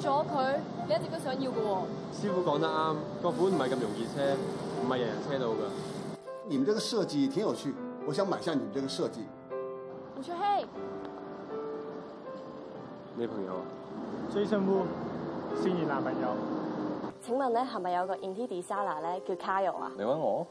咗佢，你一直都想要嘅喎、哦。師傅講得啱，個款唔係咁容易車，唔係人人車到嘅。你們這個設計挺有趣，我想買下你們這個設計。吳小希，女朋友啊？追星夫，心儀男朋友。請問咧係咪有個 Infinity Salar 咧叫 Carol 啊？你揾我。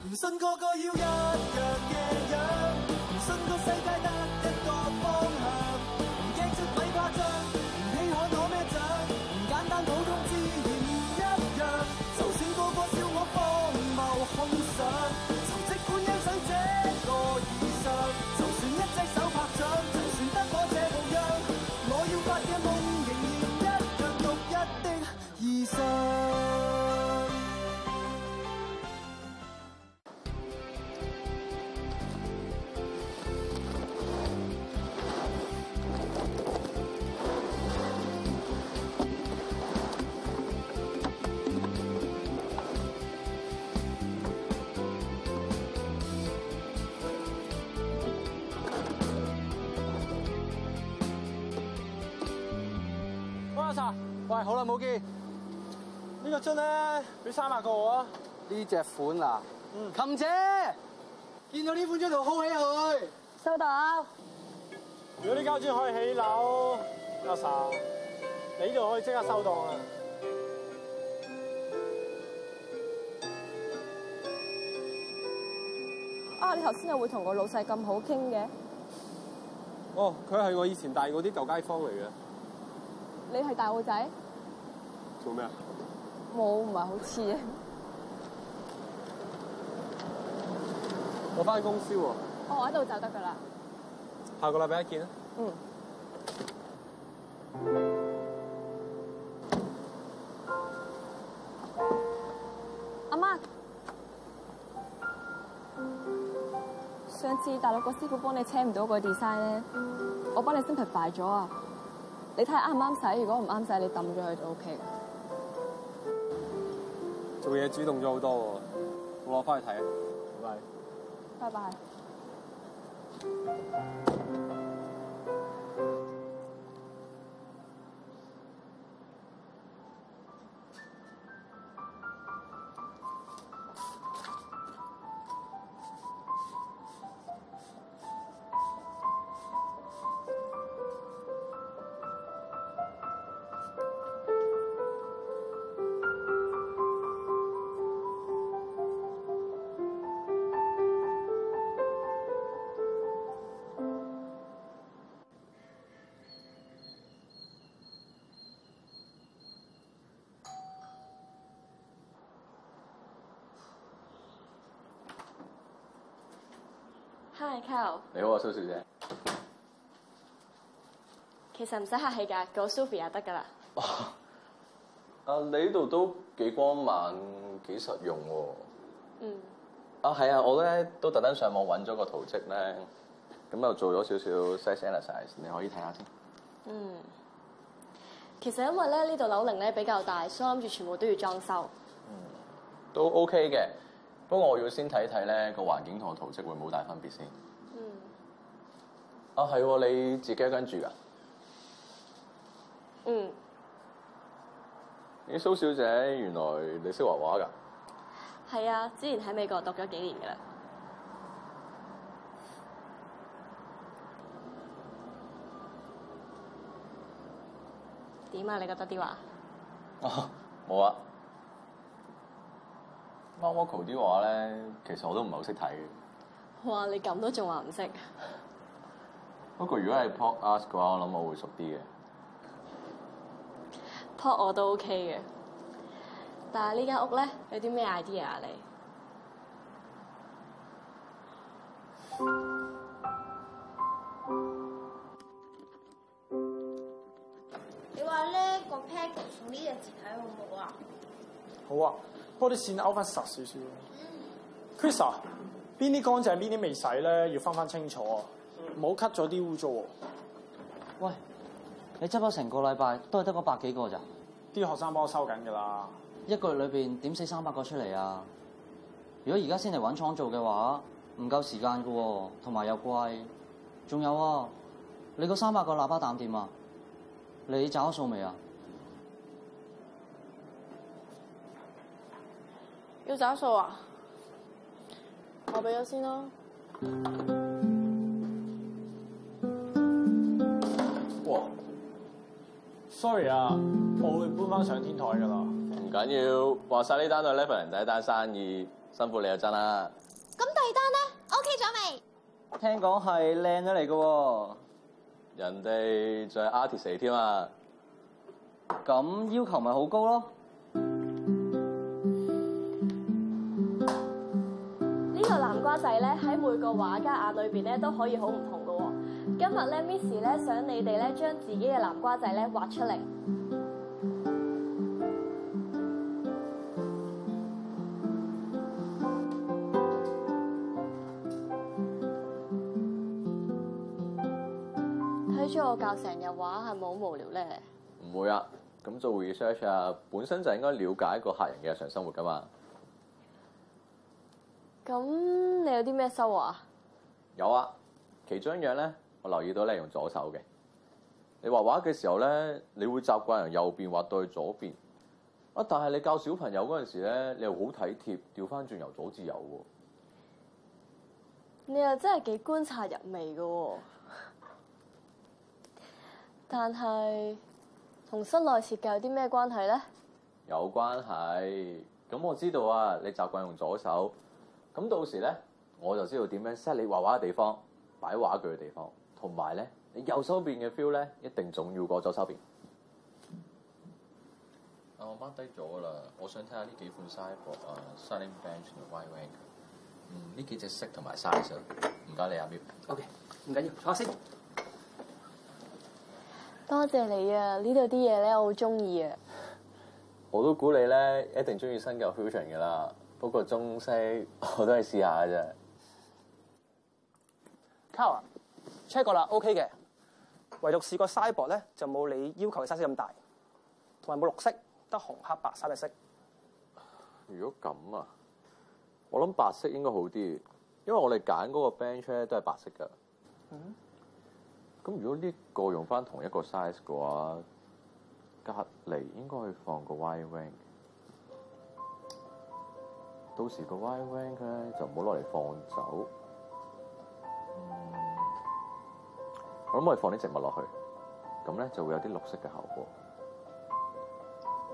好耐冇見，這個呢個樽咧俾三百個我。啊。呢隻款啊，嗯、琴姐見到呢款樽就空起去。收到。如果啲膠樽可以起樓，阿 Sa，、嗯、 你呢度可以即刻收檔啊！啊、哦，你頭先又會同個老細咁好傾嘅？哦，佢係我以前大我啲舊街坊嚟嘅。你係大我仔？做咩冇，唔係好似。啊！我翻公司喎、啊哦。我喺度就得噶啦。下個禮拜一見，嗯。阿媽，上次大陸個師傅幫你車唔到個 design 咧，我幫你先片壞咗啊！你睇下啱唔啱使？如果唔啱使，你抌咗佢就 O K。會嘢主動咗好多喎，我攞翻去睇啊，拜拜。拜拜。Hi，你好，蘇小姐。其實唔使客氣㗎，叫 Sophia e 得㗎啦。啊，你呢度都幾光猛，幾實用喎。嗯。啊，係啊，我咧都特登上網揾咗個圖蹟咧，咁又做咗少少 size 小 n 小 l 你可以睇下先。嗯。其實因為咧呢度樓齡咧比較大，所以諗住全部都要裝修。嗯，都 OK 嘅。不過我要先睇睇咧個環境同個圖質會冇大分別先。嗯。啊，係喎、啊，你自己一個人住㗎？嗯。咦，蘇小姐原來你識畫畫㗎？係啊，之前喺美國讀咗幾年㗎喇。點啊？你覺得啲畫？冇啊。沒 Pop Vocal 啲話咧，其實我都唔係好識睇嘅。哇！你咁都仲話唔識？不過如果係 Pop Ask 嘅話，我諗我會熟啲嘅。Pop 我都 OK 嘅，但係呢間屋咧有啲咩 idea 啊？你你話咧個 package 呢啲字體好唔好啊？好啊！嗰啲線勾翻實少少。Chris 啊，邊啲乾淨，邊啲未洗咧？要分翻清楚啊！唔好 cut 咗啲污糟喎。喂，你執咗成個禮拜都係得嗰百幾個咋？啲學生幫我收緊㗎啦。一個月裏邊點死三百個出嚟啊？如果而家先嚟揾廠做嘅話，唔夠時間嘅喎，同埋又貴。仲有啊，你嗰三百個喇叭膽點啊？你找數未啊？要找數啊！我俾咗先咯。哇！Sorry 啊，我會搬翻上天台噶啦。唔緊要，話晒呢單都係 Level 第一單生意，辛苦你又真啦。咁第二單咧，OK 咗未？聽講係靚女嚟噶，人哋仲係 artist 添啊，咁要求咪好高咯？瓜仔咧喺每個畫家眼裏邊咧都可以好唔同噶。今日咧，Miss 咧想你哋咧將自己嘅南瓜仔咧畫出嚟。睇咗我教成日畫係咪好無聊咧？唔會啊，咁做 research 啊，本身就應該了解一個客人嘅日常生活噶嘛。咁你有啲咩收穫啊？有啊，其中一樣咧，我留意到你用左手嘅。你畫畫嘅時候咧，你會習慣由右邊畫到去左邊。啊，但係你教小朋友嗰陣時咧，你又好體貼，調翻轉由左至右喎、啊。你又真係幾觀察入微喎、啊。 但係同室內設計有啲咩關係咧？有關係。咁我知道啊，你習慣用左手。咁到時咧，我就知道點樣 set 你畫畫嘅地方，擺畫具嘅地方，同埋咧，你右手邊嘅 feel 咧，一定重要過左手邊。啊、哦，我掹低咗啦，我想睇下呢幾款 s 沙博啊，Sunning Bench Wide Range，嗯，呢幾隻色同埋 size，唔該你啊，Miu。OK，唔緊要，坐下先。多謝你啊，呢度啲嘢咧，我好中意啊。我都估你咧，一定中意新嘅 fusion 嘅啦。不過中西我都係試下嘅啫。c a r check 過啦，OK 嘅。唯獨試過 size 咧，就冇你要求嘅 size 咁大，同埋冇綠色，得紅、黑、白三隻色。如果咁啊，我諗白色應該好啲，因為我哋揀嗰個 band 咧都係白色㗎。嗯。咁如果呢個用翻同一個 size 嘅話，隔離應該可以放個 w i n g。到時個 wine rack 咧就唔好攞嚟放酒，我諗可以放啲植物落去，咁咧就會有啲綠色嘅效果。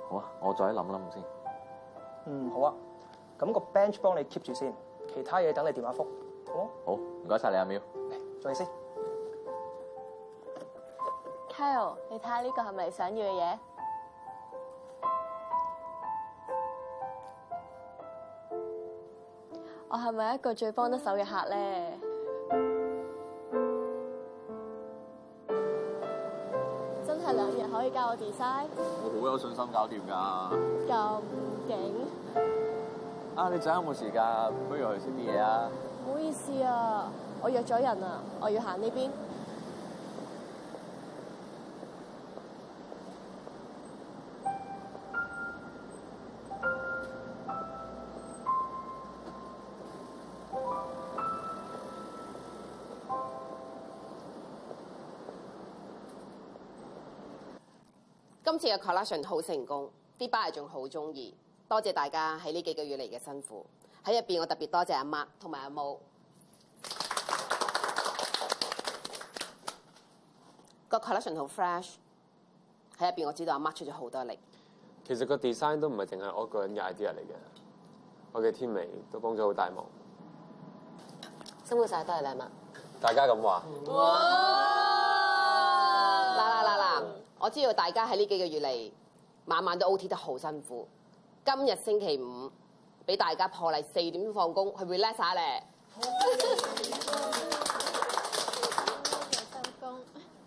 好啊，我再喺諗諗先。嗯，好啊。咁個 bench 幫你 keep 住先，其他嘢等你電話覆。好，好，唔該曬你阿苗，嚟做先。Kyle，你睇下呢個係咪你想要嘅嘢？我係咪一個最幫得手嘅客咧？真係兩日可以教我 design？我好有信心搞掂㗎。咁勁啊！你陣間有冇時間？不如去食啲嘢啊！唔好意思啊，我約咗人啊，我要行呢邊。今次嘅 collection 好成功，啲 buyer 仲好中意，多謝大家喺呢幾個月嚟嘅辛苦。喺入邊我特別多謝阿 Mark 同埋阿 Mo。 個 collection 好 fresh，喺入邊我知道阿 Mark 出咗好多力。其實個 design 都唔係淨係我一個人嘅 idea 嚟嘅，我嘅天美都幫咗好大忙。辛苦晒，多謝你阿 Mark。大家咁話。我知道大家喺呢幾個月嚟晚晚都 O T 得好辛苦。今日星期五俾大家破例四點放工，係唔係 relax 咧？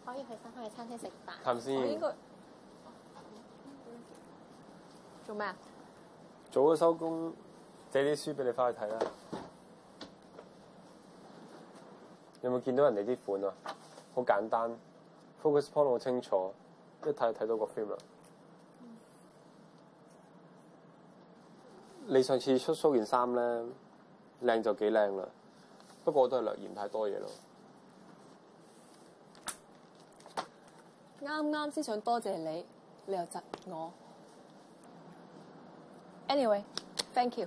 可以去新開嘅餐廳食飯。探先才。做咩啊？麼早咗收工，借啲書俾你翻去睇啦。有冇見到人哋啲款啊？好簡單，focus point 好清楚。一睇就睇到個 film，你上次出 show 件衫咧，靚就幾靚啦，不過我都係略嫌太多嘢咯。啱啱先想多謝你，你又窒我。Anyway，thank you。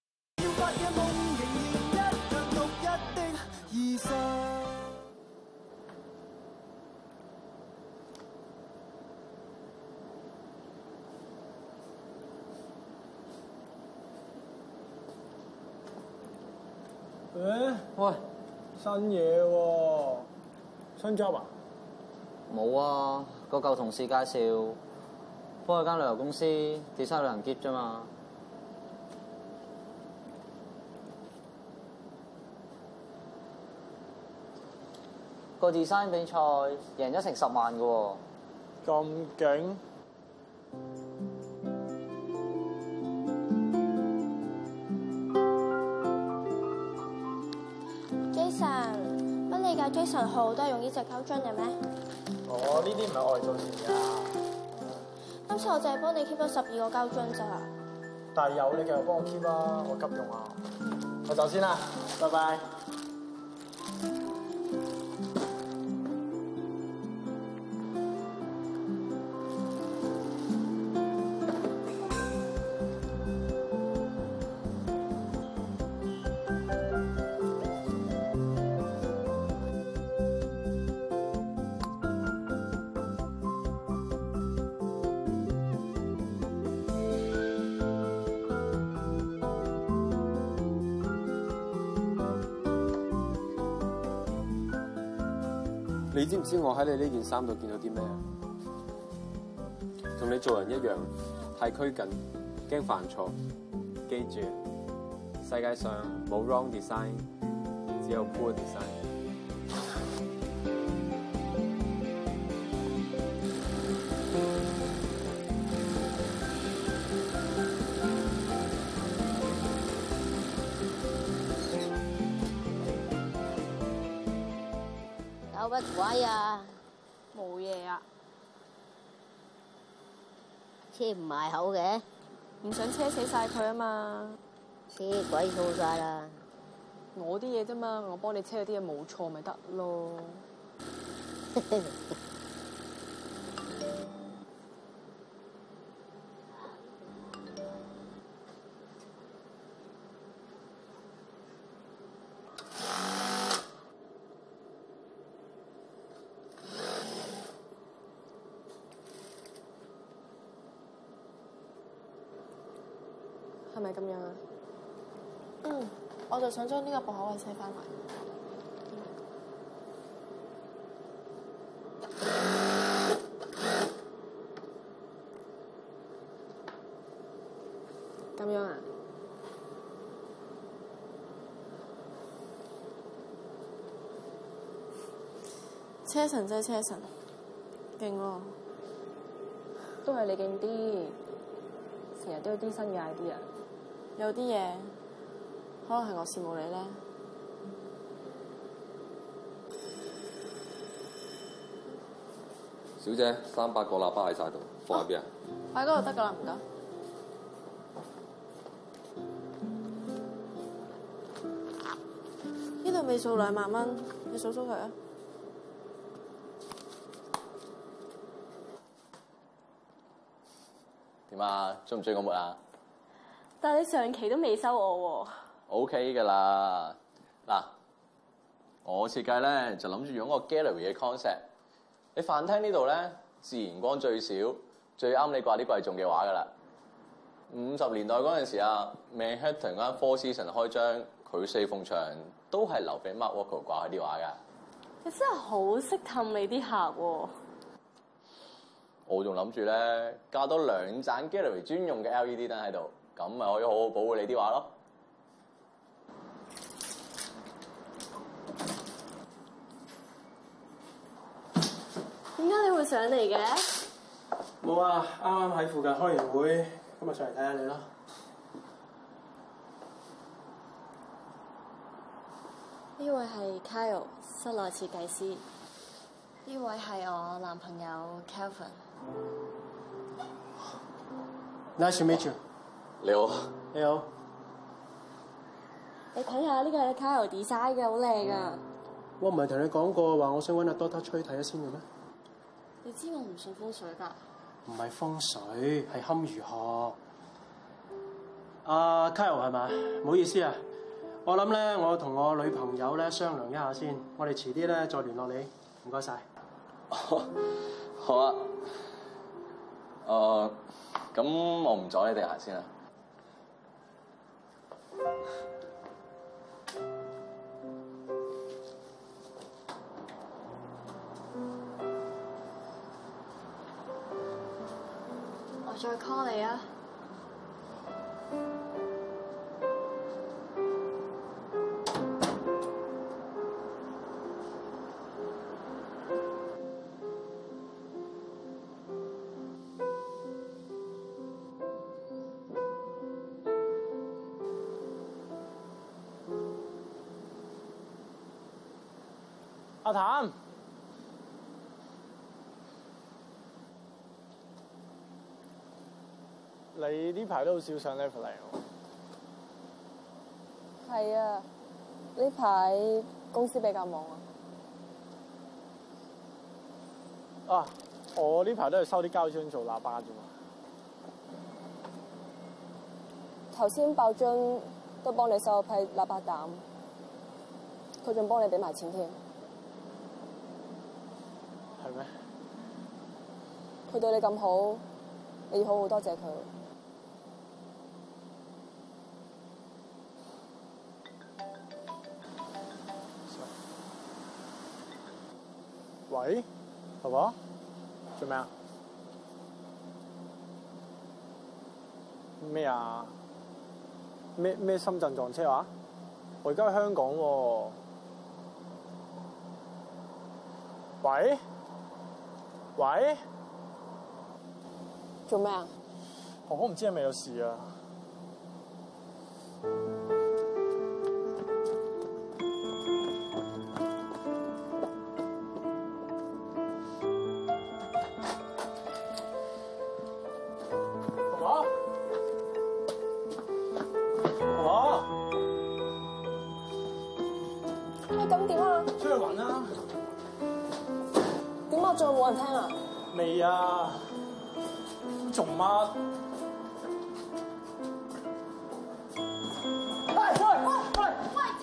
欸、喂，新嘢喎、啊，新 job 啊？冇啊，個舊同事介紹，幫佢間旅遊公司 design 旅行貼啫嘛。個 design 比賽贏咗成十萬嘅喎。咁勁！Jason 號都係用呢隻膠樽嘅咩？哦，呢啲唔係外在嘅。嗯、今次我就係幫你 keep 咗十二個膠樽咋。但係有你繼續幫我 keep 啦，我急用啊！我走、嗯、先啦，拜拜。嗯唔知我喺你呢件衫度見到啲咩啊？同你做人一樣，太拘謹，驚犯錯。記住，世界上冇 wrong design，只有 poor design。喂呀，冇嘢 Why? 啊，車唔賣好嘅，唔想車死晒佢啊嘛，車鬼錯晒啦，我啲嘢啫嘛，我幫你車啲嘢冇錯咪得咯。 唔係咁樣啊！嗯，我就想將呢個博海威車翻嚟。咁、嗯、樣啊！車神真係車神，勁喎、啊！都係你勁啲，成日都有啲新嘅 idea。有啲嘢，可能係我羨慕你咧。小姐，三百個喇叭喺晒度，放喺邊啊？喺嗰度得㗎喇，唔該。呢度未數兩萬蚊，你數數佢啊？點啊？追唔追我沒啊？但你上期都未收我喎。哦。O K 㗎啦，嗱，我設計咧就諗住用嗰個 gallery 嘅 concept。你飯廳呢度咧自然光最少，最啱你掛啲貴重嘅畫噶啦。五十年代嗰陣時啊 Manhattan 間 Four Seasons 開張，佢四奉牆都係留俾 Mark Walker 掛佢啲畫㗎。你真係好識氹你啲客。哦。我仲諗住咧加多兩盞 gallery 專用嘅 L E D 燈喺度。咁咪可以好好保護你啲話咯。點解你會上嚟嘅？冇啊，啱啱喺附近開完會，咁咪上嚟睇下你咯。呢位係 Kyle，室內設計師。呢位係我男朋友 Kelvin。Nice to meet you. 你好，你好。你睇下呢個係 Kyle Design 嘅，好靚啊！我唔係同你講過話，我想搵阿 Doctor Tree 睇下先嘅咩？你知我唔信風水噶。唔係風水，係堪輿學。阿、uh, Kyle 係嘛？唔 好意思啊，我諗咧，我同我女朋友咧商量一下先，我哋遲啲咧再聯絡你。唔該晒。好， 好啊。誒、uh,，咁我唔阻你哋行先啦。阿譚，你呢排都好少上呢 e l 嚟喎。係啊，呢排公司比較忙啊。啊，我呢排都係收啲膠樽做喇叭啫嘛。頭先爆樽都幫你收咗批喇叭蛋，佢仲幫你俾埋錢添。佢對你咁好，你要好好多謝佢。喂，係嘛？做咩啊？咩啊？咩咩深圳撞車話？我而家喺香港喎。喂？喂，做咩啊？婆婆唔知係咪有，有事啊？婆婆，婆婆，你咁點啊？出去玩呢、啊再冇人聽了，還沒啊？未啊？做乜？哎，過嚟，過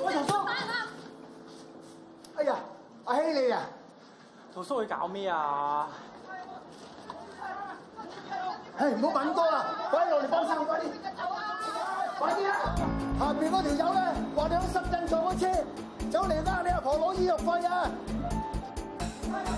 喂，哎呀，阿希你啊，陶叔去搞咩啊？哎點，唔好問多啦，快落嚟幫手，快啲！快啲啦！下面嗰條友咧，話你喺深圳坐火車，走嚟啦！你阿婆攞醫藥費啊！哎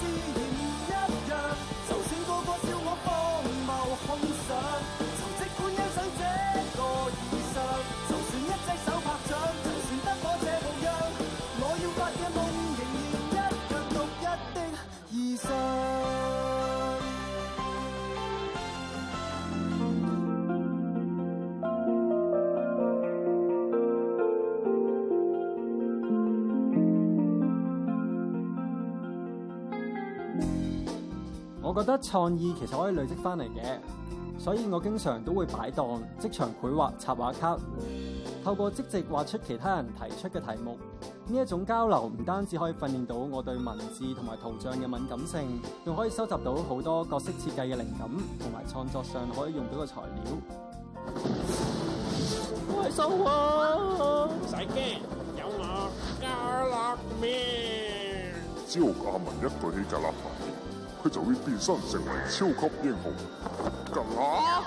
覺得創意其實可以累積翻嚟嘅，所以我經常都會擺檔即場繪畫插畫卡，透過即席畫出其他人提出嘅題目，呢一種交流唔單止可以訓練到我對文字同埋圖像嘅敏感性，仲可以收集到好多角色設計嘅靈感同埋創作上可以用到嘅材料。我係蘇華，唔使驚，有我阿樂面，招阿文一句氣架啦。佢就會變身成為超級英雄。啦，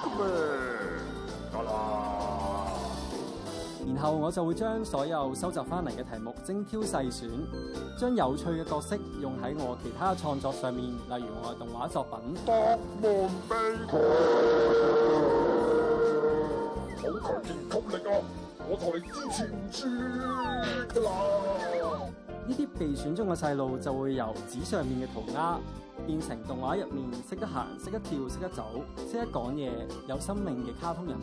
然後我就會將所有收集翻嚟嘅題目精挑細選，將有趣嘅角色用喺我其他創作上面，例如我嘅動畫作品。好強勁吸力啊！我就係支持唔住。得啦。呢啲被選中嘅細路就會由紙上面嘅塗鴉變成動畫入面識得行、識得跳、識得走、識得講嘢、有生命嘅卡通人物。